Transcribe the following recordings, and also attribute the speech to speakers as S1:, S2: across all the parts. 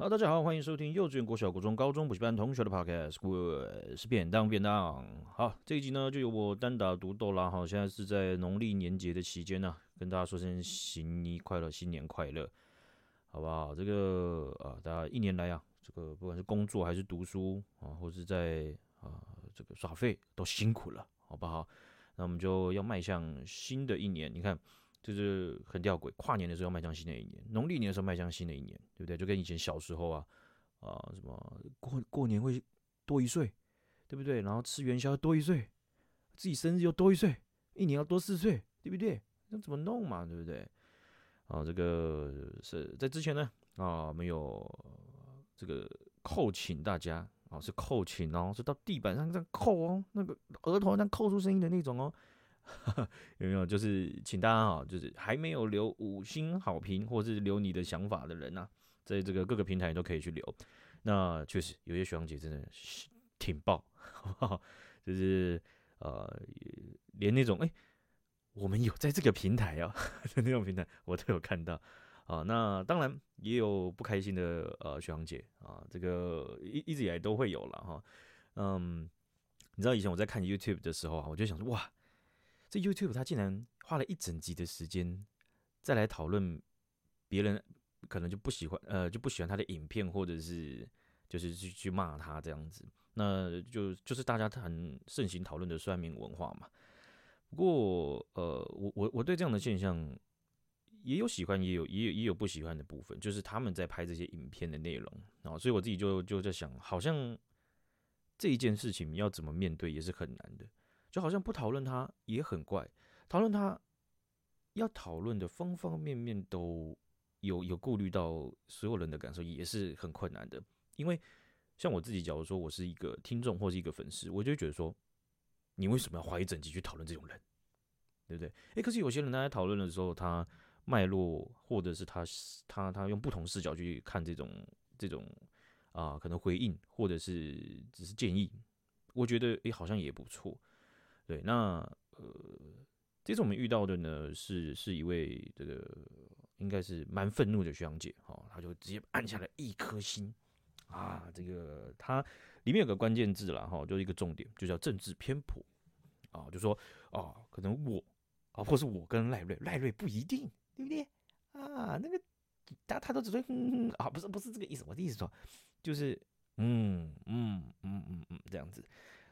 S1: 好，大家好，歡迎收聽幼稚園、國小、國中、高中補習班同學的 Podcast，good 是便當便當。好，這一集呢就由我單打獨鬥啦。好，現在是在農曆年節的期間呢，啊，跟大家說聲新年快樂，新年快樂，好不好？這個啊，大家一年來啊，這個不管是工作還是讀書啊，或是在啊這個耍廢，都辛苦了，好不好？那我們就要邁向新的一年，你看。就是很弔詭，跨年的時候邁向新的一年，農曆年的時候邁向新的一年，對不對？就跟以前小時候啊，啊、呃、什麼過過年會多一歲，對不對？然後吃元宵多一歲，自己生日又多一歲，一年要多四歲，對不對？那怎麼弄嘛，對不對？啊、呃，這個是在之前呢，啊、呃、沒有、呃、這個叩請大家啊、呃，是叩請、哦，然後是到地板上這樣叩哦，那個額頭這樣叩出聲音的那種哦。 有沒有？就是請大家哈，就是還沒有留五星好評或是留你的想法的人啊，在這個各個平台都可以去留。那確實有些學姐真的是挺棒， 就是呃，連那種哎、欸，我們有在這個平台啊，在 那種平台，我都有看到啊、呃。那當然也有不開心的呃學姐啊、呃，這個一一直以來都會有了哈。嗯、呃，你知道以前我在看 YouTube 的時候啊，我就想說哇。這 YouTube 他竟然花了一整集的時間，再來討論別人可能就不喜歡，呃，就不喜歡他的影片，或者是就是去去罵他這樣子，那就就是大家很盛行討論的酸民文化嘛。不過，呃，我我我對這樣的現象也有喜歡也有，也有也也有不喜歡的部分，就是他們在拍這些影片的內容啊，所以我自己就就在想，好像這一件事情要怎麼面對也是很難的。就好像不討論他也很怪，討論他要討論的方方面面都有有顧慮到所有人的感受也是很困難的。因為像我自己，假如說我是一個聽眾或是一個粉絲，我就覺得說你為什麼要花一整集去討論這種人，對不對？哎、欸，可是有些人他在討論的時候，他脈絡或者是他他他用不同視角去看這種這種啊、呃，可能回應或者是只是建議，我覺得哎、欸、好像也不錯。對，那呃，這次我們遇到的呢，是是一位這個應該是蠻憤怒的學長姐，哈、哦，她就直接按下了一顆星，啊，這個它裡面有個關鍵字啦，哈、哦，就一個重點，就叫政治偏頗，啊，就說哦，可能我，啊，或是我跟賴瑞，賴瑞不一定，對不對？啊，那個他他都只會哼哼啊，不是不是這個意思，我的意思說，就是嗯嗯嗯嗯嗯這樣子，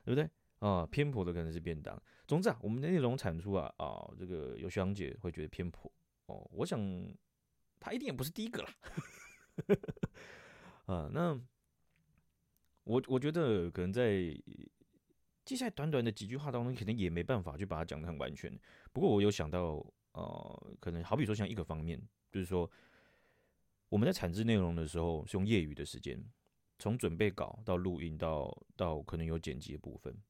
S1: 對不對？啊、哦，偏頗的可能是便當。總之啊，我們的內容產出啊，啊、哦，這個有學長姐會覺得偏頗哦。我想，他一定也不是第一個啦。 啊，那我我覺得可能在接下來短短的幾句話當中，可能也沒辦法去把它講的很完全。不過我有想到，呃，可能好比說像一個方面，就是說我們在產出內容的時候，是用業餘的時間，從準備稿到錄音到到可能有剪輯的部分。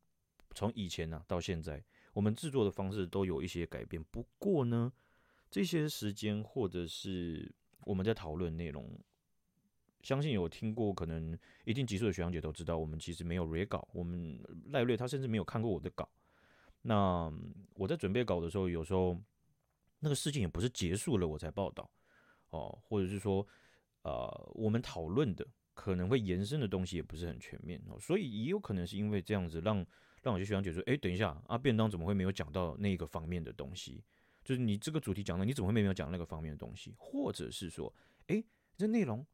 S1: 從以前呢、啊、到現在，我們製作的方式都有一些改變。不過呢，這些時間或者是我們在討論內容，相信有聽過可能一定集數的學長姐都知道，我們其實沒有 r e 稿。我們賴瑞他甚至沒有看過我的稿。那我在準備稿的時候，有時候那個事情也不是結束了我才報道哦，或者是說，呃，我們討論的可能會延伸的東西也不是很全面哦，所以也有可能是因為這樣子讓。讓我就想生就說：“哎、欸，等一下，阿、啊、便當怎麼會沒有講到那個方面的東西？就是你這個主題講的，你怎麼會沒有講那個方面的東西？或者是說，哎、欸，這內、個、容，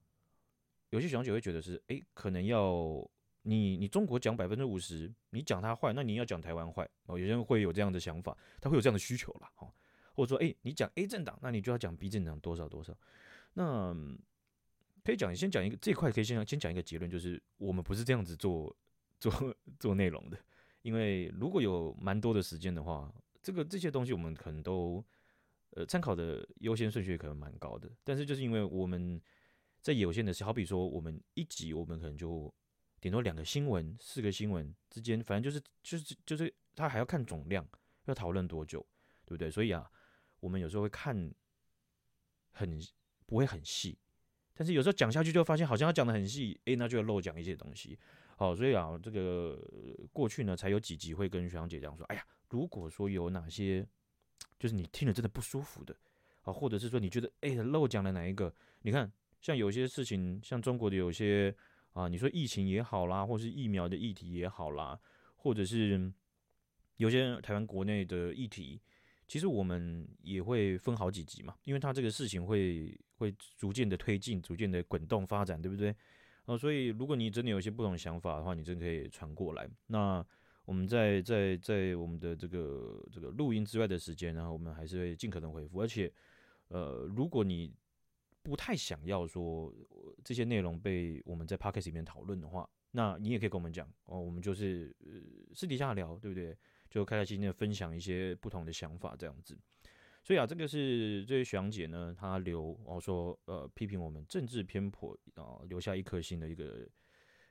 S1: 有些小姐會覺得是，哎、欸，可能要你你中國講百分之五十，你講它壞，那你要講台灣壞哦，有些人會有這樣的想法，他會有這樣的需求了，哦，或者說，哎、欸，你講 A 政黨，那你就要講 B 政黨多少多少，那、呃、可以講，先講一個這塊可以先講，先講一個結論，就是我們不是這樣子做做做內容的。”因為如果有蠻多的時間的話，這個這些東西我們可能都，呃，參考的優先順序可能蠻高的。但是就是因為我們在有限的時候，好比說我們一集我們可能就頂多兩個新聞、四個新聞之間，反正就是就是就是，他、就是、還要看總量，要討論多久，對不對？所以啊，我們有時候會看很不會很細，但是有時候講下去就發現好像要講得很細，誒、欸，那就要漏講一些東西。好，所以啊，這個過去呢，才有幾集會跟學長姐講說，哎呀，如果說有哪些，就是你聽了真的不舒服的，啊，或者是說你覺得，哎、欸，漏講了哪一個？你看，像有些事情，像中國的有些啊，你說疫情也好啦，或者是疫苗的議題也好啦，或者是有些台灣國內的議題，其實我們也會分好幾集嘛，因為它這個事情會會逐漸的推進，逐漸的滾動發展，對不對？哦，所以如果你真的有一些不同想法的話，你真的可以傳過來。那我們在在在我們的這個這個錄音之外的時間，然後我們還是會盡可能回復。而且，呃，如果你不太想要說這些內容被我們在 podcast 裡面討論的話，那你也可以跟我們講哦，我們就是、呃、私底下聊，對不對？就開開心心的分享一些不同的想法，這樣子。所以啊，這個是這位學長姐呢，她留我、哦、說呃批評我們政治偏頗啊、呃，留下一顆星的一個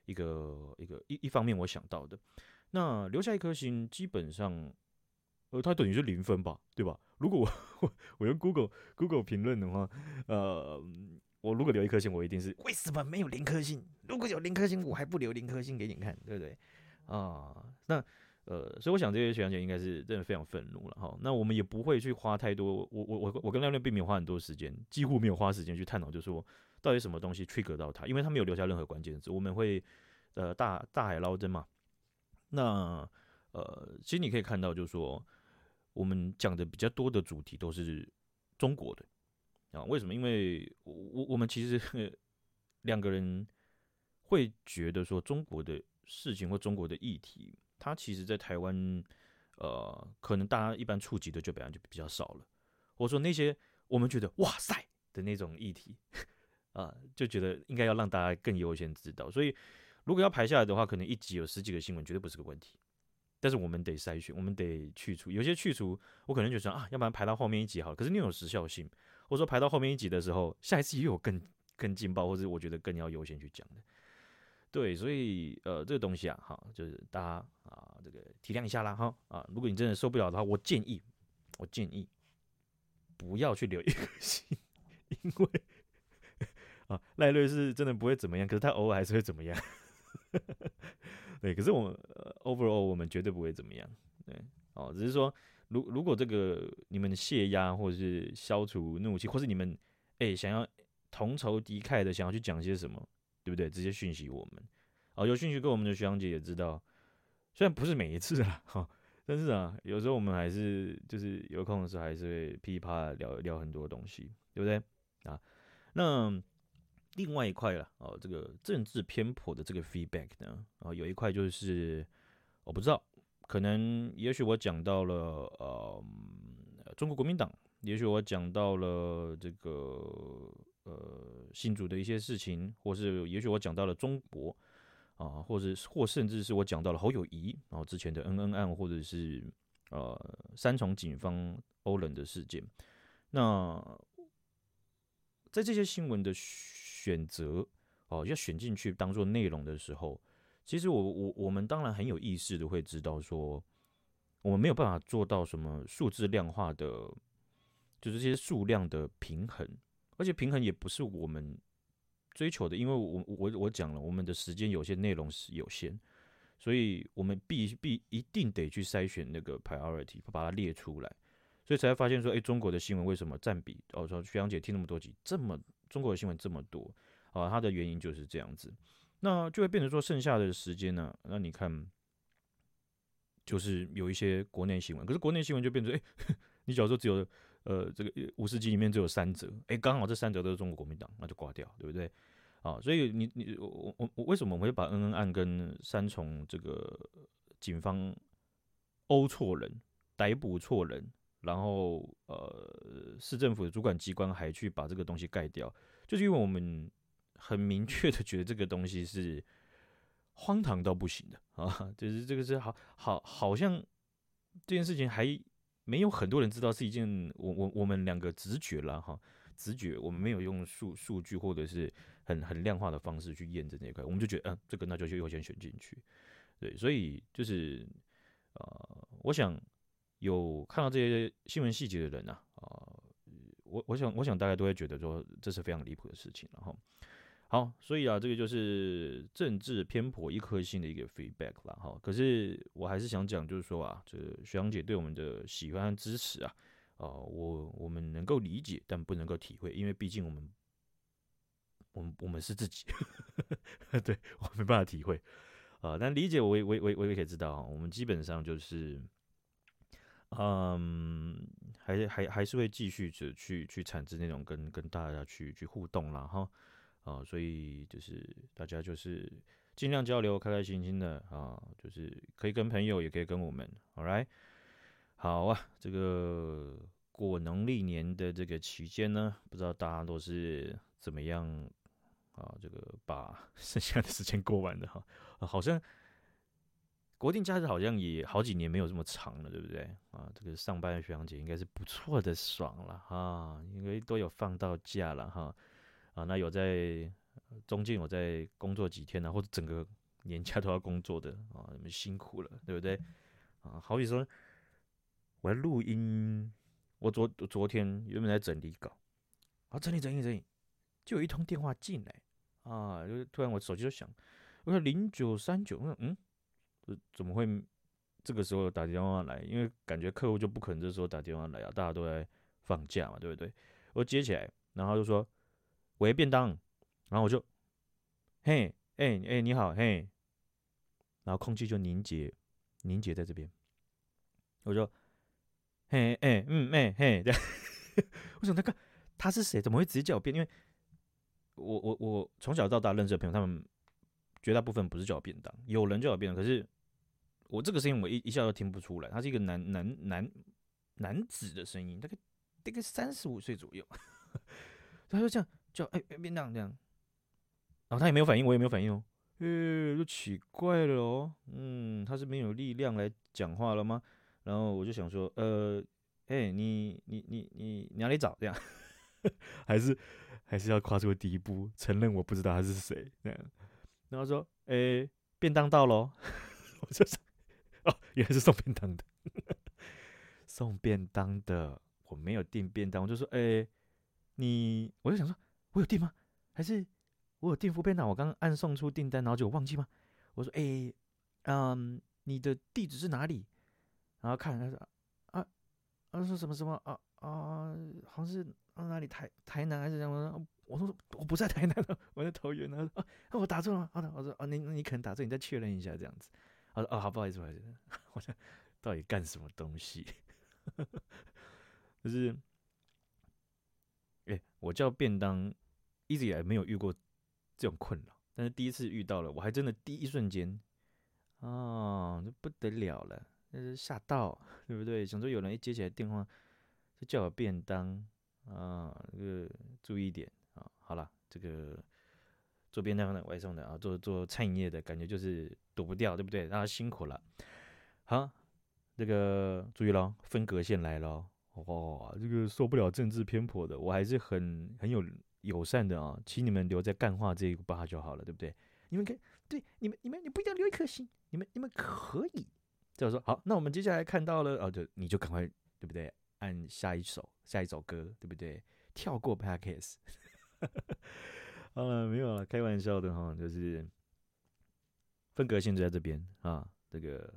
S1: 一個一個一一方面，我想到的。那留下一顆星，基本上呃，它等於是零分吧，對吧？如果我我我用 Google Google 評論的話，呃，我如果留一顆星，我一定是為什麼沒有零顆星？如果有零顆星，我還不留零顆星給你看，對不對啊、呃？那。呃，所以我想這些學長姐應該是真的非常憤怒了哈。那我們也不會去花太多，我我我我跟亮亮並沒有花很多時間，幾乎沒有花時間去探討，就是說到底什麼東西 trigger 到他，因為他沒有留下任何關鍵字。我們會呃大大海撈針嘛。那呃，其實你可以看到，就是說我們講的比較多的主題都是中國的啊。為什麼？因為我我我們其實兩個人會覺得說中國的事情或中國的議題。它其實，在台灣，呃，可能大家一般觸及的就本來就比較少了，或者說那些我們覺得哇塞的那種議題，啊，就覺得應該要讓大家更優先知道。所以，如果要排下來的話，可能一集有十幾個新聞絕對不是個問題，但是我們得篩選，我們得去除，有些去除我可能就說啊，要不然排到後面一集好了，可是你有時效性，或者說排到後面一集的時候，下一次又有更更勁爆，或者我覺得更要優先去講的。對，所以呃，這個東西啊，哈，就是大家啊，這個體諒一下啦，哈，啊，如果你真的受不了的話，我建議，我建議不要去留一顆星，因為啊，賴瑞是真的不會怎麼樣，可是他偶爾還是會怎麼樣。呵呵對，可是我們、呃、overall 我們絕對不會怎麼樣，對，哦、啊，只是說，如果如果這個你們洩壓或者是消除怒氣，或是你們哎、欸、想要同仇敵愾的想要去講些什麼。對不對？直接訊息我們，哦，有訊息給我們的學長姐也知道。雖然不是每一次啊，哈、哦，但是啊，有時候我們還是就是有空的時候還是會噼里啪啦聊聊很多東西，對不對？啊，那另外一塊了，哦，這個政治偏頗的這個 feedback 呢，啊、哦，有一塊就是我不知道，可能也許我講到了呃，中國國民黨，也許我講到了這個。呃，新竹的一些事情，或是也許我講到了中國啊，或是或甚至是我講到了侯友宜啊之前的恩恩案，或者是呃、啊、三重警方毆人的事件。那在這些新聞的選擇哦、啊，要選進去當做內容的時候，其實我我我們當然很有意識的會知道說，我們沒有辦法做到什麼數字量化的，就是這些數量的平衡。而且平衡也不是我們追求的，因為我我我講了，我們的時間有些內容是有限，所以我們必必一定得去篩選那個 priority，把它列出來，所以才會發現說，哎、欸，中國的新聞為什麼占比？哦，說徐陽姐聽那麼多集，這麼中國的新聞這麼多啊，它的原因就是這樣子，那就會變成說，剩下的時間呢、啊？那你看，就是有一些國內新聞，可是國內新聞就變成，哎、欸，你假如說只有。呃，這個五十集裡面只有三折，哎、欸，剛好這三折都是中國國民黨，那就掛掉，對不對？啊，所以你你我我我為什麼我們會把恩恩案跟三重這個警方毆錯人、逮捕錯人，然後呃市政府的主管機關還去把這個東西蓋掉，就是因為我們很明確的覺得這個東西是荒唐到不行的啊，就是這個是好好好像這件事情還沒有很多人知道是一件，我我我們兩個直覺啦哈，直覺我們沒有用數數據或者是很很量化的方式去驗證這一塊，我們就覺得嗯、呃、這個那就優先選進去，對，所以就是，呃，我想有看到這些新聞細節的人吶，啊，呃、我我想我想大家都會覺得說這是非常離譜的事情然、啊、後。好，所以啊，這個就是政治偏頗一顆星的一個 feedback 啦。哈，可是我還是想講，就是說啊，這個學長姐對我們的喜歡和支持啊，啊、呃，我我們能夠理解，但不能夠體會，因為畢竟我們，我們我們是自己， 對我沒辦法體會啊、呃。但理解我，我我我我也可以知道啊。我們基本上就是，嗯，還還還是會繼續着去去產生那種跟跟大家去去互動啦，哈。啊、哦，所以就是大家就是盡量交流，開開心心的啊、哦，就是可以跟朋友，也可以跟我們。好來，好啊，這個過農曆年的這個期間呢，不知道大家都是怎麼樣啊、哦？這個把剩下的時間過完的哈，好像國定假日好像也好幾年沒有這麼長了，對不對啊？這個上班的學長姐應該是不錯的爽，爽了哈，因為都有放到假了哈。啊，那有在中間有在工作幾天呢，啊，或者整個年假都要工作的啊，你們辛苦了，對不對？啊，好比說，我要錄音，我昨昨天原本在整理稿，啊，整理整理整理，就有一通電話進來，啊，就突然我手機就響，我說零九三九，我說嗯，怎麼會這個時候打電話來？因為感覺客戶就不可能這時候打電話來啊，大家都在放假嘛，對不對？我接起來，然後就說。喂，便當，然後我就嘿哎哎、欸欸，你好嘿，然後空氣就凝結凝結在這邊。我說嘿哎嗯妹嘿，欸嗯欸、嘿 我說那個他是誰？怎麼會直接叫我便？因為我我我從小到大認識的朋友，他們絕大部分不是叫我便當，有人叫我便當，可是我這個聲音我一一下都聽不出來，他是一個男男男男子的聲音，大概大概三十五歲左右。 所以他就這樣。就哎、欸、便當這樣，然、哦、後他也沒有反應，我也沒有反應哦，耶、欸，就奇怪了哦，嗯，他是沒有力量來講話了嗎？然後我就想說，呃，哎、欸、你你你你哪裡找這樣？還是還是要跨出第一步，承認我不知道他是誰這樣。然後說，哎、欸，便當到嘍， 我說、就是，哦，原來是送便當的， 送便當的，我沒有訂便當，我就說，哎、欸，你，我就想說。我有訂嗎？還是我有訂副便當？我剛剛按送出訂單，然後就忘記嗎？我說：哎、欸，嗯、呃，你的地址是哪裡？然後看他說啊：啊，他說什麼什麼啊啊，好像是、啊、哪裡台台南還是什麼？我說：我不在台南了，我在桃園呢！我打錯了嗎？啊，我說：啊，你你可能打錯，你再確認一下這樣子。我說：啊，好，不好意思，不好意思。我說到底幹什麼東西？ 就是，哎、欸，我叫便當。一直以來沒有遇過這種困擾，但是第一次遇到了，我還真的第一瞬間，哦，這不得了了，那是嚇到，對不對？想說有人一接起來電話就叫我便當啊、哦，這個注意一點啊、哦，好了，這個做便當的、外送的啊，做做餐飲業的感覺就是躲不掉，對不對？大、啊、家辛苦了，好、啊，這個注意嘍，分隔線來咯，哇、哦，這個受不了政治偏頗的，我還是很很有。友善的啊、哦，請你們留在幹話這一步就好了，對不對？你們可以對，你們你們你不一定要留一顆心，你們你們可以。這樣說好，那我們接下來看到了哦，就你就趕快對不對？按下一首下一首歌，對不對？跳過 package 好了，沒有了，開玩笑的哈，就是分隔線就在這邊啊，這個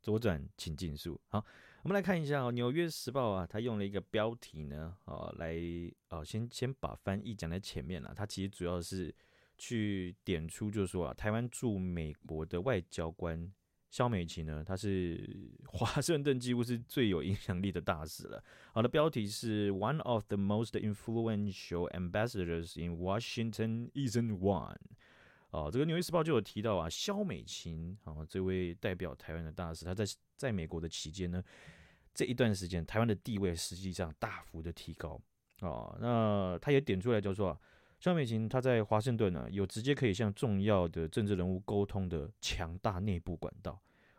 S1: 左轉請減速，好。我們來看一下啊、哦，《紐約時報》啊，它用了一個標題呢，啊、哦，來，啊、哦，先先把翻譯講在前面了。它其實主要是去點出，就是說啊，台灣駐美國的外交官蕭美琴呢，她是華盛頓幾乎是最有影響力的大使了。好的，標題是 One of the most influential ambassadors in Washington isn't one、哦。啊，這個《紐約時報》就有提到啊，蕭美琴啊、哦，這位代表台灣的大使，她在在美國的期間呢。這一段時間，臺灣的地位實際上大幅的提高啊、哦。那他也點出來，就是說，蕭美琴她在華盛頓呢、啊，有直接可以向重要的政治人物溝通的強大內部管道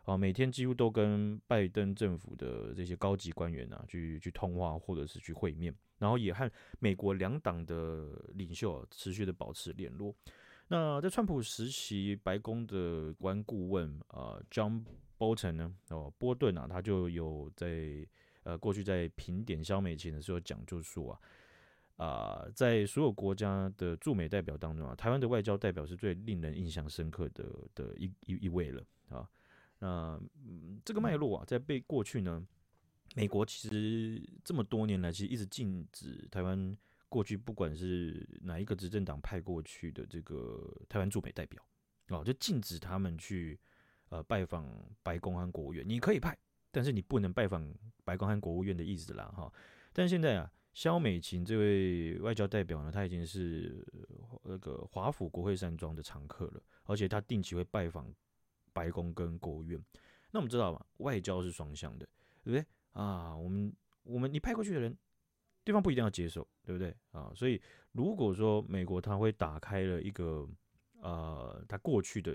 S1: 啊、哦。每天幾乎都跟拜登政府的這些高級官員啊去去通話，或者是去會面，然後也和美國兩黨的領袖持續的保持聯絡。那在川普時期，白宮的關顧問啊，張、呃。John 波臣呢？哦，波頓啊，他就有在呃，過去在評點蕭美琴的時候講，就是說啊，啊、呃，在所有國家的駐美代表當中啊，台灣的外交代表是最令人印象深刻的的一一一位了啊。那、嗯、這個脈絡啊，在被過去呢，美國其實這麼多年來其實一直禁止台灣過去，不管是哪一個執政黨派過去的這個台灣駐美代表啊，就禁止他們去。呃，拜訪白宮和國務院，你可以派，但是你不能拜訪白宮和國務院的意思啦，哈。但現在啊，蕭美琴這位外交代表呢，她已經是那個華府國會山莊的常客了，而且她定期會拜訪白宮跟國務院。那我們知道嘛，外交是雙向的，對不對啊？我們我們你派過去的人，對方不一定要接受，對不對啊？所以如果說美國他會打開了一個呃，他過去的。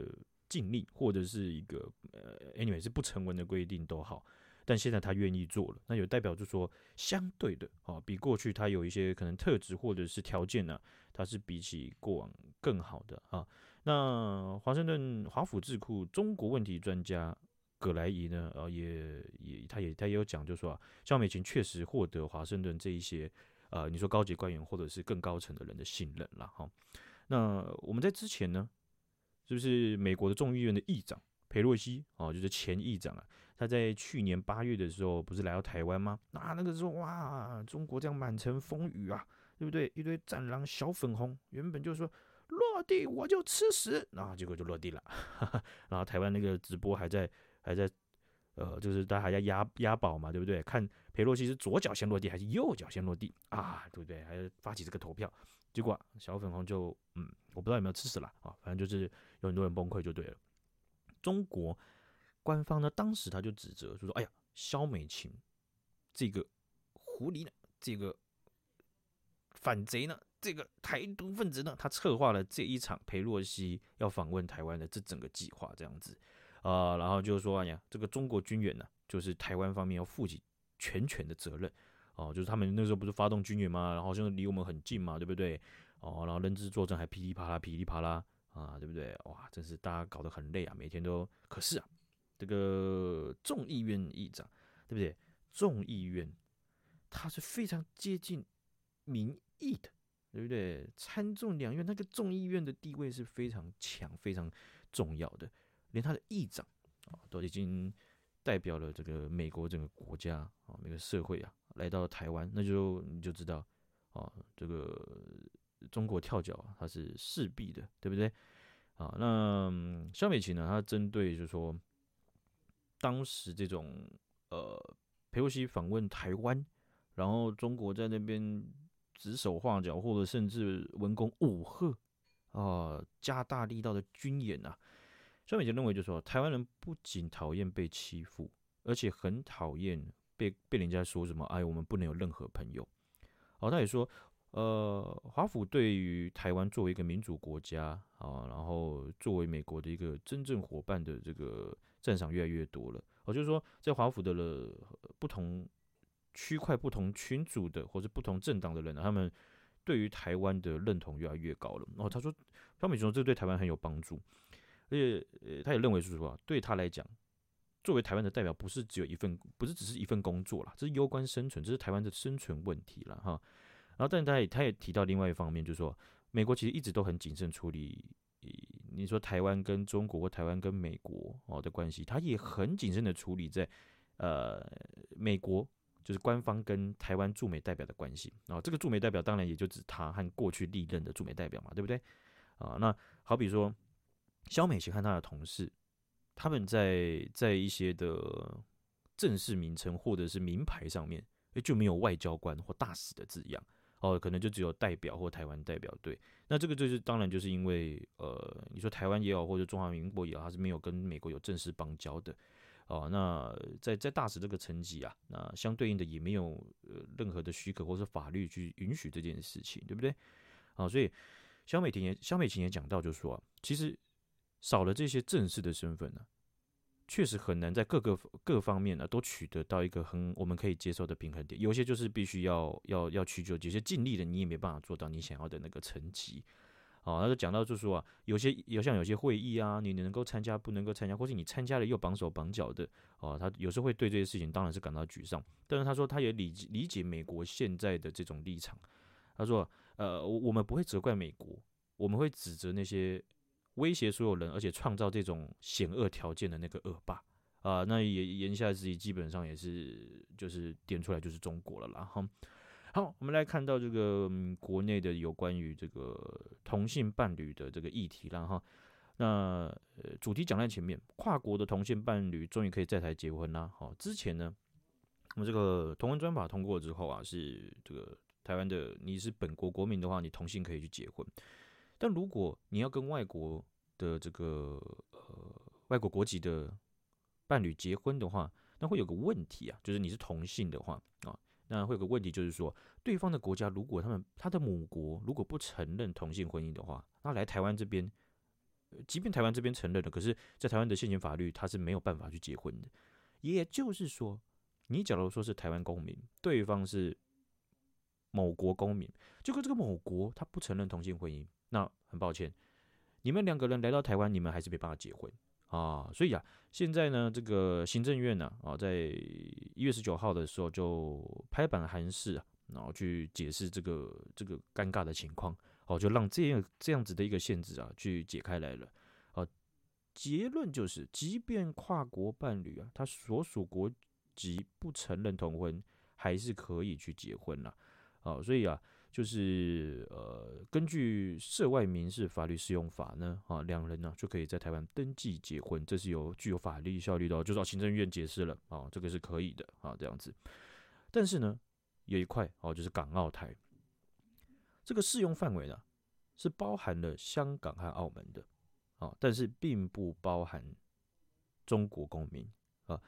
S1: 禁令，或者是一個呃，anyway 是不成文的規定都好，但現在他願意做了，那有代表就是說相對的啊，哦，比過去他有一些可能特質或者是條件呢，啊，他是比起過往更好的啊。那華盛頓華府智庫中國問題專家葛萊儀呢，呃，啊，也也他也他也有講，啊，就說蕭美琴確實獲得華盛頓這一些啊、呃，你說高級官員或者是更高層的人的信任了哈，啊。那我們在之前呢，就是，是美國的眾議院的議長裴洛西哦，就是前議長啊，他在去年八月的時候不是來到台灣嗎？啊，那個時候哇，中國這樣滿城風雨啊，對不對？一堆戰狼、小粉紅，原本就說落地我就吃屎，那、啊、結果就落地了。哈哈然後台灣那個直播還在還在，呃，就是大家還在押押寶嘛，對不對？看裴洛西是左腳先落地還是右腳先落地啊，對不對？還發起這個投票。結果小粉紅就嗯，我不知道有沒有吃屎了啊，反正就是有很多人崩潰就對了。中國官方呢，當時他就指責，就說：“哎呀，蕭美琴這個狐狸呢，這個反賊呢，這個台獨分子呢，他策劃了這一場裴洛西要訪問台灣的這整個計劃這樣子啊。”呃，然後就是說：“哎呀，這個中國軍演呢，就是台灣方面要負起全權的責任。”哦，就是他們那時候不是發動軍援嘛，然後現在離我們很近嘛，對不對？哦，然後認知作戰還噼里啪啦、噼里啪啦啊，對不對？哇，真是大家搞得很累啊，每天都。可是啊，這個眾議院議長，對不對？眾議院他是非常接近民意的，對不對？參眾兩院那個眾議院的地位是非常強、非常重要的，連他的議長啊、哦，都已經代表了這個美國整個國家啊，那、哦、個社會啊。來到台灣，那就你就知道，啊，這個中國跳腳，它是勢必的，對不對？啊，那蕭美琴呢？她針對就是說，當時這種呃，裴洛西訪問台灣，然後中國在那邊指手畫腳，或者甚至文攻武嚇，啊，加大力道的軍演啊，蕭美琴認為就是說，台灣人不僅討厭被欺負，而且很討厭。被被人家說什麼？哎，我們不能有任何朋友。哦，他也說，呃，華府對於台灣作為一個民主國家啊，然後作為美國的一個真正夥伴的這個讚賞越來越多了。哦，就是說，在華府的了不同區塊、不同群組的或者不同政黨的人啊，他們對於台灣的認同越來越高了。哦，他說，鮑威爾說，這對台灣很有幫助。而且，呃，他也認為是什麼，對他來講。作為台灣的代表，不是只有一份，不是只是一份工作啦。這是攸關生存，這是台灣的生存問題了哈。然後，但他也他也提到另外一方面，就是說，美國其實一直都很謹慎處理，你說台灣跟中國或台灣跟美國哦的關係，他也很謹慎的處理在，呃，美國就是官方跟台灣駐美代表的關係。然後這個駐美代表當然也就指他和過去歷任的駐美代表嘛，對不對？啊，那好比說，蕭美琴和她的同事。他們在在一些的正式名稱或者是名牌上面，就沒有外交官或大使的字樣哦、呃，可能就只有代表或台灣代表隊。那這個就是當然就是因為呃，你說台灣也好，或者中華民國也好，它是沒有跟美國有正式邦交的哦、呃。那在在大使這個層級啊，那相對應的也沒有、呃、任何的許可或者法律去允許這件事情，對不對？啊、呃，所以蕭美婷也蕭美琴也講到，就說、啊，其實。少了這些正式的身份呢、啊，確實很難在各個各方面呢、啊、都取得到一個很我們可以接受的平衡點。有些就是必須要要要取捨，有些盡力了你也沒辦法做到你想要的那個成績。啊、哦，他就講到就是說啊，有些有像有些會議啊，你能夠參加不能夠參加，或是你參加了又綁手綁腳的啊、哦，他有時候會對這些事情當然是感到沮喪。但是他說他也理理解美國現在的這種立場。他說，呃，我們不會責怪美國，我們會指責那些。威脅所有人，而且創造這種險惡條件的那個惡霸啊、呃，那也言下之意，基本上也是就是點出來就是中國了啦哈。好，我們來看到這個、嗯、國內的有關於這個同性伴侶的這個議題了哈。那呃，主題講在前面，跨國的同性伴侶終於可以在台結婚啦。哈，之前呢，我們這個同婚專法通過之後啊，是這個台灣的你是本國國民的話，你同性可以去結婚。但如果你要跟外國的這個呃外國國籍的伴侶結婚的話，那會有個問題啊，就是你是同性的話啊、哦，那會有個問題，就是說對方的國家如果他們他的母國如果不承認同性婚姻的話，那來台灣這邊，即便台灣這邊承認了，可是，在台灣的現行法律，他是沒有辦法去結婚的。也就是說，你假如說是台灣公民，對方是某國公民，就跟這個某國他不承認同性婚姻。那很抱歉，你們兩個人來到台灣，你們還是沒辦法結婚啊。所以啊，現在呢，這個行政院呢、啊，啊，在一月十九號的時候就拍板函示啊，然後去解釋這個這個尷尬的情況，哦、啊，就讓這樣這樣子的一個限制啊，去解開來了。啊，結論就是，即便跨國伴侶啊，他所屬國籍不承認同婚，還是可以去結婚了、啊。啊，所以啊。就是呃，根據《涉外民事法律適用法》呢，啊，兩人呢、啊、就可以在台灣登記結婚，這是有具有法律效力的、哦，就是行政院解釋了啊，這個是可以的啊，這樣子。但是呢，有一塊啊，就是港澳台這個適用範圍呢，是包含了香港和澳門的啊，但是並不包含中國公民啊。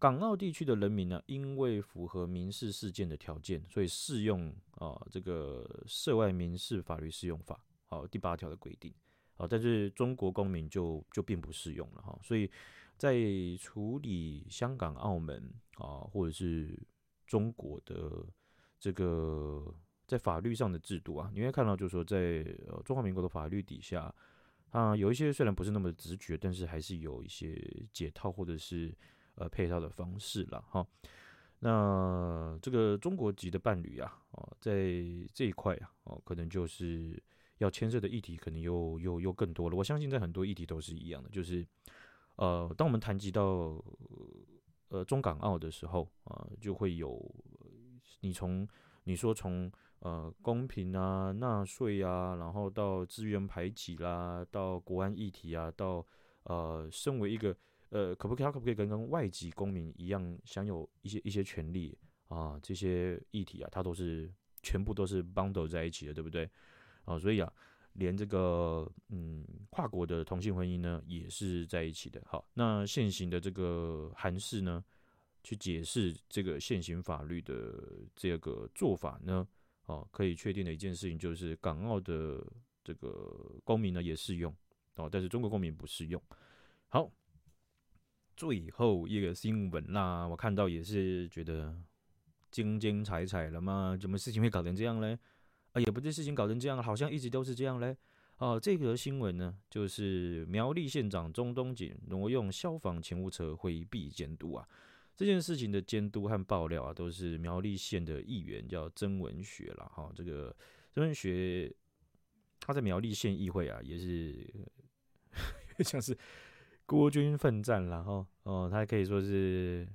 S1: 港澳地區的人民呢，因為符合民事事件的條件，所以適用啊、呃、這個涉外民事法律適用法好、呃、第八條的規定啊、呃。但是中國公民就就並不適用了哈、呃。所以在處理香港、澳門啊、呃，或者是中國的這個在法律上的制度啊，你會看到，就是說在呃中華民國的法律底下啊、呃，有一些雖然不是那麼直覺，但是還是有一些解套或者是。呃，配套的方式了哈。那這個中國籍的伴侶啊，哦、呃，在這一塊啊，哦、呃，可能就是要牽涉的議題可能又又又更多了。我相信在很多議題都是一樣的，就是呃，當我們談及到呃中港澳的時候啊、呃，就會有你從你說從呃公平啊、納稅啊，然後到資源排擠啦、啊，到國安議題啊，到呃，身為一個。呃，可不可以可不可以跟跟外籍公民一樣享有一些一些權利啊？這些議題啊，它都是全部都是 bundle 在一起的，對不對？啊，所以啊，連這個嗯跨國的同性婚姻呢，也是在一起的。好，那現行的這個函釋呢，去解釋這個現行法律的這個做法呢，啊，可以確定的一件事情就是，港澳的這個公民呢也適用，啊、哦，但是中國公民不適用。好。最後一個新聞啦，那我看到也是覺得精精彩彩了嘛。怎麼事情會搞成這樣呢？啊，也不是事情搞成這樣，好像一直都是這樣嘞。哦、啊，這個新聞呢，就是苗栗縣長鍾東錦挪用消防勤務車回避監督啊。這件事情的監督和爆料啊，都是苗栗縣的議員叫曾文學了哈、哦。這個曾文學他在苗栗縣議會啊，也是呵呵像是。孤軍奮戰，然後，哦，他可以說是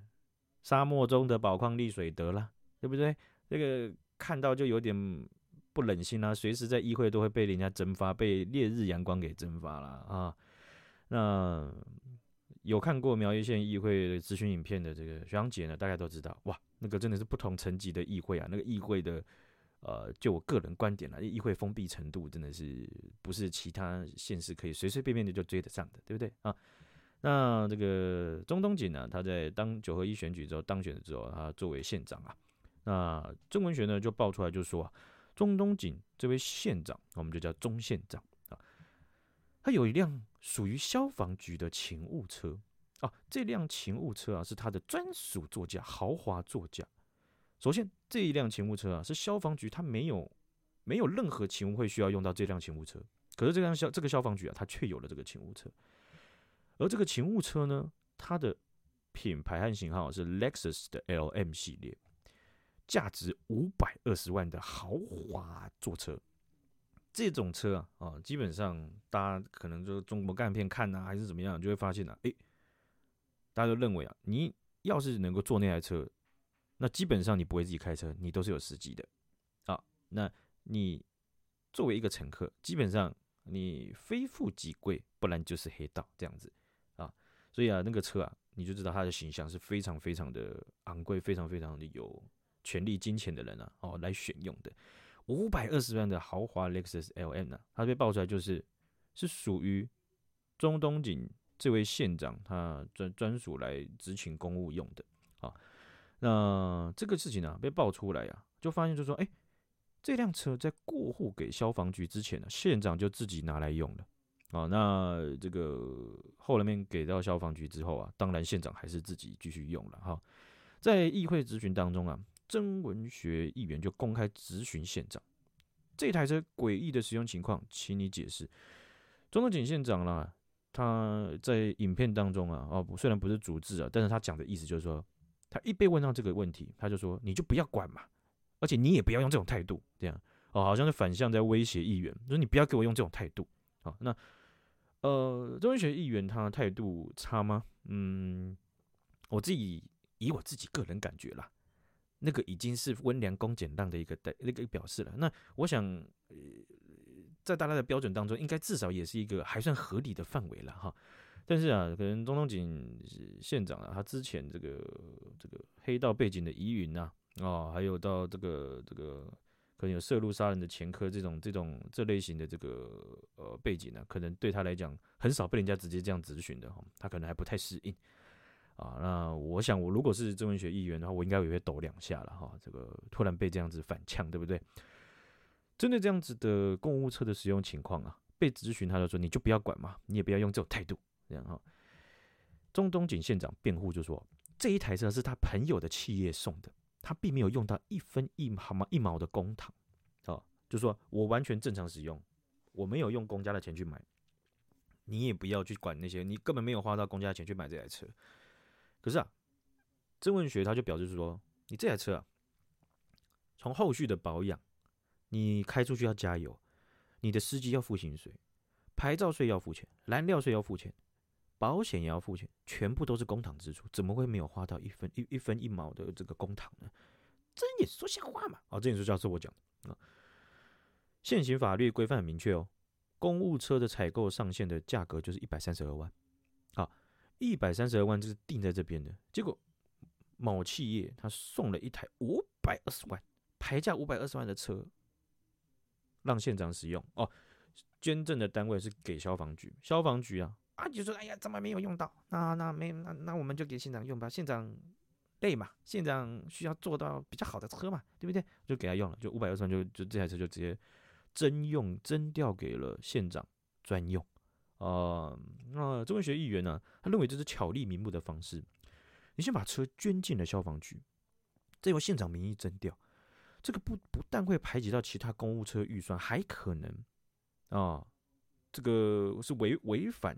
S1: 沙漠中的寶礦力水得了，對不對？這個看到就有點不忍心啊，隨時在議會都會被人家蒸發，被烈日陽光給蒸發了啊。那有看過苗栗縣議會的質詢影片的這個學長姐呢，大家都知道哇，那個真的是不同層級的議會啊，那個議會的呃，就我個人觀點了，議會封閉程度真的是不是其他縣市可以隨隨便便的就追得上的，對不對啊？那這個鍾東錦呢，他在當九合一選舉之後當選之後，他作為縣長啊，那中文學呢就爆出來就說、啊，鍾東錦這位縣長，我們就叫鍾縣長啊，他有一輛屬於消防局的勤務車啊，這輛勤務車啊是他的專屬座駕，豪華座駕。首先這一輛勤務車啊是消防局他沒有沒有任何勤務會需要用到這輛勤務車，可是這輛消這個消防局啊他卻有了這個勤務車。而這個勤務車呢，它的品牌和型號是 Lexus 的 LM 系列，價值五百二十萬的豪華座車。這種車啊、啊，基本上大家可能就是中國干片看吶、啊，還是怎麼樣，就會發現吶、啊，誒、欸，大家都認為啊，你要是能夠坐那台車，那基本上你不會自己開車，你都是有司機的啊。那你作為一個乘客，基本上你非富即貴，不然就是黑道這樣子。所以啊，那個車啊，你就知道它的形象是非常非常的昂貴，非常非常的有權力、金錢的人啊，哦，來選用的五百二十萬的豪華 Lexus LM 呢、啊，它被爆出來就是是屬於鍾東錦這位縣長他專專屬來執行公務用的啊、哦。那這個事情呢、啊、被爆出來啊，就發現就說，哎、欸，這輛車在過戶給消防局之前呢、啊，縣長就自己拿來用了啊、哦。那這個。後來面給到消防局之後啊，當然縣長還是自己繼續用了哈。在議會質詢當中啊，曾文學議員就公開質詢縣長：這一台車詭異的使用情況，請你解釋。鍾東錦縣長啦，他在影片當中啊，哦，雖然不是逐字啊，但是他講的意思就是說，他一被問到這個問題，他就說：你就不要管嘛，而且你也不要用這種態度，這樣，啊、哦，好像是反向在威脅議員，說，就是，你不要給我用這種態度啊，哦。那呃，中衛學議員他的態度差嗎？嗯，我自己以我自己個人感覺啦，那個已經是溫良恭儉讓的一個代那個表示了。那我想，在大家的標準當中，應該至少也是一個還算合理的範圍了哈。但是啊，可能鍾東錦縣長啊，他之前這個這個黑道背景的疑雲吶，哦，還有到這個這個。有涉入殺人的前科，這種這種這類型的這個呃背景呢、啊，可能對他來講很少被人家直接這樣質詢的、哦、他可能還不太適應啊。那我想，我如果是曾玟學議員的話，我應該也會抖兩下了哈、哦。這個突然被這樣子反嗆，對不對？針對這樣子的公務車的使用情況啊，被質詢他就說：“你就不要管嘛，你也不要用這種態度這樣哈。”鍾東錦縣長辯護就說：“這一台車是他朋友的企業送的。”他並沒有用到一分一毫一毛的公帑，哦，就是說我完全正常使用，我沒有用公家的錢去買，你也不要去管那些，你根本沒有花到公家的錢去買這台車。可是啊，曾玟學他就表示說，你這台車啊，從後續的保養，你開出去要加油，你的司機要付薪水，牌照稅要付錢，燃料稅要付錢。保險也要付錢，全部都是公帑支出，怎麼會沒有花到一分一一分一毛的這個公帑呢？睜眼說瞎話嘛！哦、啊，睜眼說瞎話是下我講的、啊、現行法律規範很明確哦，公務車的採購上限的價格就是一百三十二萬。好、啊，一百三十二萬就是定在這邊的。結果，某企業他送了一台五百二十萬，牌價五百二十萬的車，讓縣長使用。哦、啊，捐贈的單位是給消防局，消防局啊。啊，就說哎呀，怎麼沒有用到？那那沒那那我們就給縣長用吧。縣長累嘛，縣長需要坐到比較好的車嘛，對不對？就給他用了，就五百二十萬就就這台車就直接徵用徵調給了縣長專用。啊、呃，那中文學議員呢、啊？他認為這是巧立名目的方式。你先把車捐進了消防局，再用縣長名義徵調，這個不不但會排擠到其他公務車預算，還可能啊、呃，這個是違違反。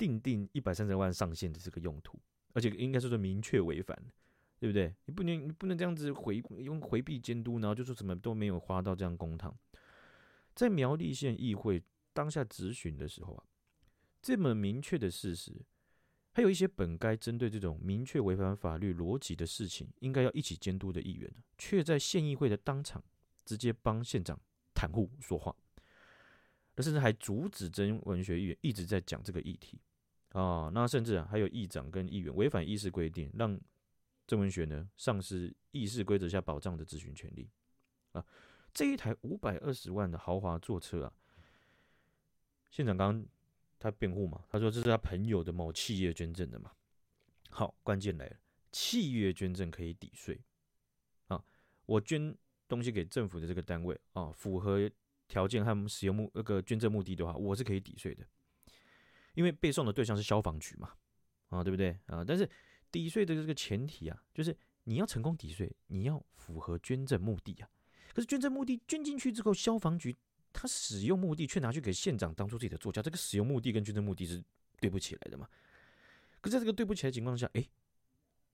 S1: 定定一百三十萬上限的這個用途，而且應該說是明確違反，對不對？你不能你不能這樣子回用回避監督，然後就說什麼都沒有花到這樣公帑。在苗栗縣議會當下質詢的時候啊，這麼明確的事實，還有一些本該針對這種明確違反法律邏輯的事情，應該要一起監督的議員呢，卻在縣議會的當場直接幫縣長袒護說話，而甚至還阻止曾玟學議員一直在講這個議題。啊、哦，那甚至啊，還有議長跟議員違反議事規定，讓鄭文選呢喪失議事規則下保障的諮詢權利啊。這一台五百二十萬的豪華座車啊，現場剛他辯護嘛，他說這是他朋友的某企業捐贈的嘛。好，關鍵來了，企業捐贈可以抵稅啊。我捐東西給政府的這個單位啊，符合條件和使用目那個捐贈目的的話，我是可以抵稅的。因為被送的對象是消防局嘛，啊，對不對啊？但是抵稅的這個前提啊，就是你要成功抵稅，你要符合捐贈目的啊。可是捐贈目的捐進去之後，消防局他使用目的卻拿去給縣長當做自己的座駕，這個使用目的跟捐贈目的是對不起來的嘛。可是在這個對不起來的情況下，哎，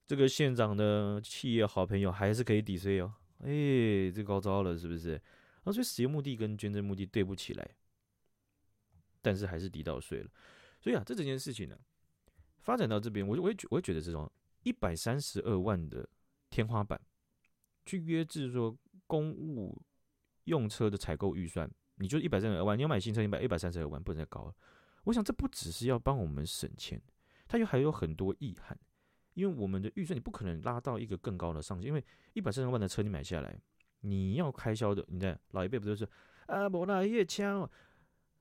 S1: 這個縣長的企業好朋友還是可以抵稅哦。哎，這高招了是不是？啊，所以使用目的跟捐贈目的對不起來，但是還是抵到稅了。對啊，這整件事情呢、啊，發展到這邊，我就我也覺我也覺得這種一百三十二萬的天花板，去約制說公務用車的採購預算，你就一百三十二萬，你要買新車你買一百三十二萬不能再高了。我想這不只是要幫我們省錢，它又還有很多意涵，因為我們的預算你不可能拉到一個更高的上限，因為一百三十二萬的車你買下來，你要開銷的，你在老一輩不都、就是啊，摩納越強，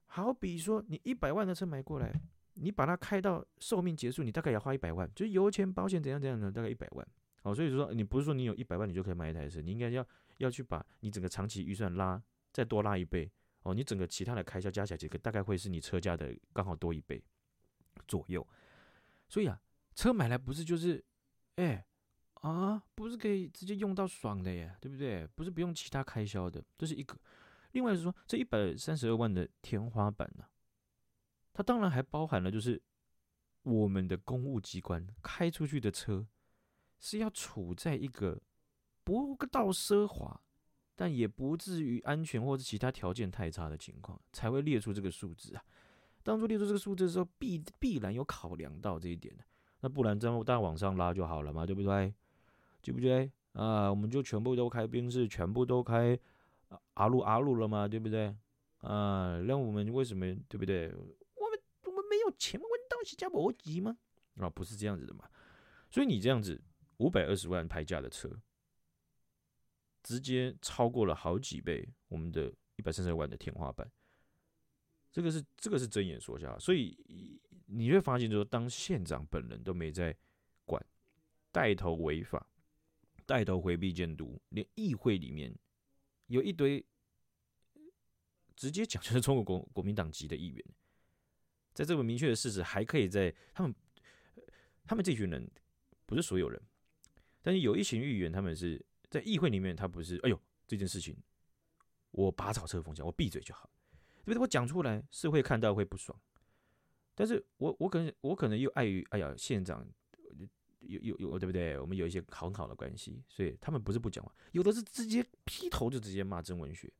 S1: 好比說你一百萬的車買過來。你把它開到壽命結束，你大概要花一百萬，就是油錢、保險怎樣怎樣的，大概一百萬。哦，所以說你不是說你有一百萬你就可以買一台車，你應該要要去把你整個長期預算拉再多拉一倍。哦，你整個其他的開銷加起來個，大概會是你車價的剛好多一倍左右。所以啊，車買來不是就是，哎、欸，啊，不是可以直接用到爽的耶，對不對？不是不用其他開銷的，這是一個。另外就是說這一百三十二萬的天花板呢、啊？它當然還包含了，就是我們的公務機關開出去的車，是要處在一個不到奢華，但也不至於安全或是其他條件太差的情況，才會列出這個數字啊。當初列出這個數字的時候，必必然有考量到這一點、啊、那不然再大往上拉就好了嘛，對不對？對不對？啊、呃，我們就全部都開賓士，全部都開阿魯阿魯了嘛，對不對？啊、呃，那我們為什麼對不對？沒有錢嗎？問到徐家伯吉嗎？啊，不是這樣子的嘛！所以你這樣子五百二十萬牌價的車，直接超過了好幾倍我們的一百三十萬的天花板。這個是這個是睜眼說瞎。所以你會發現，說當縣長本人都沒在管，帶頭違法，帶頭回避監督，連議會裡面有一堆直接講就是中國國國民黨籍的議員。在這麼明確的事實，還可以在他們他們這群人，不是所有人，但是有一群議員，他們是在議會裡面，他不是哎呦這件事情，我拔草車風向，我閉嘴就好，對不對？我講出來是會看到會不爽，但是我我可能我可能又礙於哎呀縣長有有有對不對？我們有一些好很好的關係，所以他們不是不講話，有的是直接劈頭就直接罵真文學，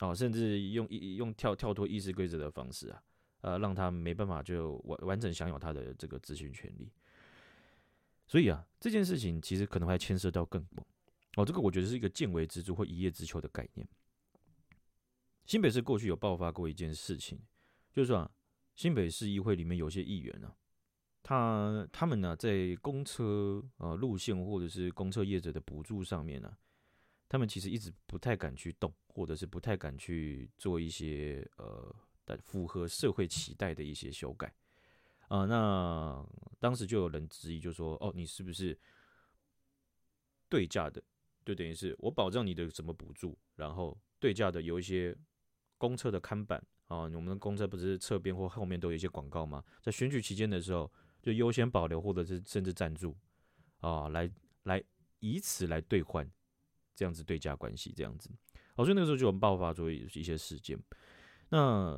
S1: 哦，甚至用一用跳跳脫議事規則的方式啊。呃，讓他沒辦法就完完整享有他的這個諮詢權利，所以啊，這件事情其實可能還牽涉到更多哦，這個我覺得是一個見微知著或一葉知秋的概念。新北市過去有爆發過一件事情，就是說啊，新北市議會裡面有些議員呢、啊，他他們呢、啊、在公車呃路線或者是公車業者的補助上面呢、啊，他們其實一直不太敢去動，或者是不太敢去做一些呃。符合社會期待的一些修改，啊、呃，那當時就有人質疑，就說：“哦，你是不是對價的？就等於是我保證你的什麼補助，然後對價的有一些公車的看板啊，哦、我們的公車不是側邊或後面都有一些廣告嗎？在選舉期間的時候，就優先保留或者是甚至贊助啊、哦，來來以此來兌換這樣子對價關係，這樣子。好、哦，所以那個時候就我們爆發出一些事件。”那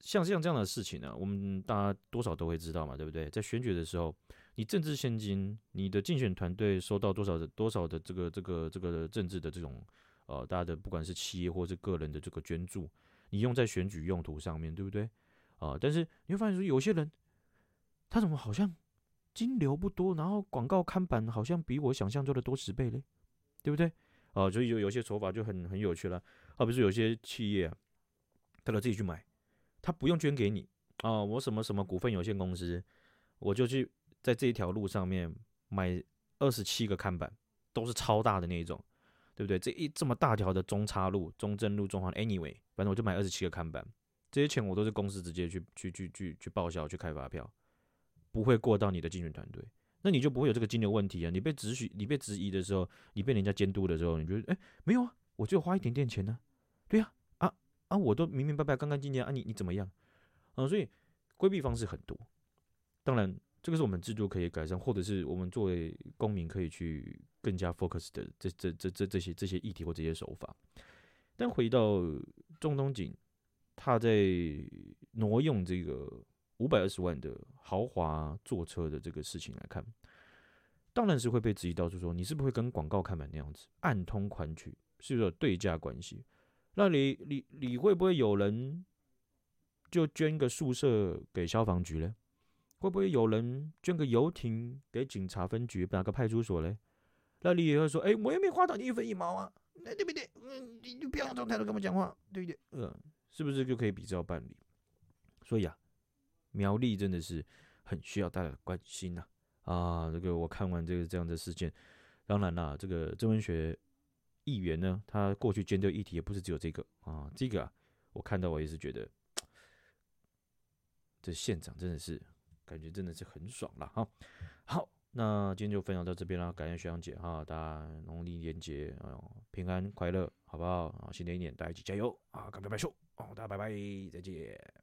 S1: 像像這樣的事情呢、啊，我們大家多少都會知道嘛，對不對？在選舉的時候，你政治獻金，你的競選團隊收到多少的多少的這個這個這個政治的這種呃，大家的不管是企業或是個人的這個捐助，你用在選舉用途上面，對不對？啊、呃，但是你會發現說，有些人他怎麼好像金流不多，然後廣告看板好像比我想象中的多十倍嘞，對不對？啊、呃，所以有有些手法就很很有趣了啊，比如說有些企業。他都自己去買，他不用捐給你啊、呃！我什麼什麼股份有限公司，我就去在這一條路上面買二十七個看板，都是超大的那一種，對不對？這一這麼大條的中叉路、中正路、中環，Anyway，反正我就買二十七個看板，這些錢我都是公司直接去去去去去報銷，去開發票，不會過到你的競選團隊，那你就不會有這個金流問題啊！你被質詢、你被質疑的時候，你被人家監督的時候，你覺得哎，沒有啊，我就花一點點錢呢、啊，對呀、啊。啊，我都明明白白，乾乾淨淨啊，你你怎麼樣？嗯，所以規避方式很多。當然，這個是我們制度可以改善，或者是我們作為公民可以去更加 focus 的這這這這這些這些議題或這些手法。但回到鍾東錦，他在挪用這個五百二十萬的豪華坐車的這個事情來看，當然是會被質疑到就是，就說你是不是會跟廣告看板那樣子暗通款曲，是不是有對價關係？那你你你會不會有人就捐個宿舍給消防局呢？會不會有人捐個遊艇給警察分局哪個派出所呢？那你也會說，哎、欸，我又沒花到你一分一毛啊，那對不對？嗯，你不要用這種態度跟我講話，對不對？嗯、呃，是不是就可以比照辦理？所以啊，苗栗真的是很需要大家關心吶、啊！啊，這個我看完這個這樣的事件，當然啦、啊，這個真文學。議員呢，他過去針對議題也不是只有這個啊，這個、啊、我看到我也是覺得，這縣長真的是感覺真的是很爽了哈、啊。好，那今天就分享到這邊啦，感謝學長姐哈、啊，大家農曆年節，哎、啊、呦，平安快樂，好不好、啊、新的一年大家一起加油啊！乾杯，拜壽哦，大家拜拜，再見。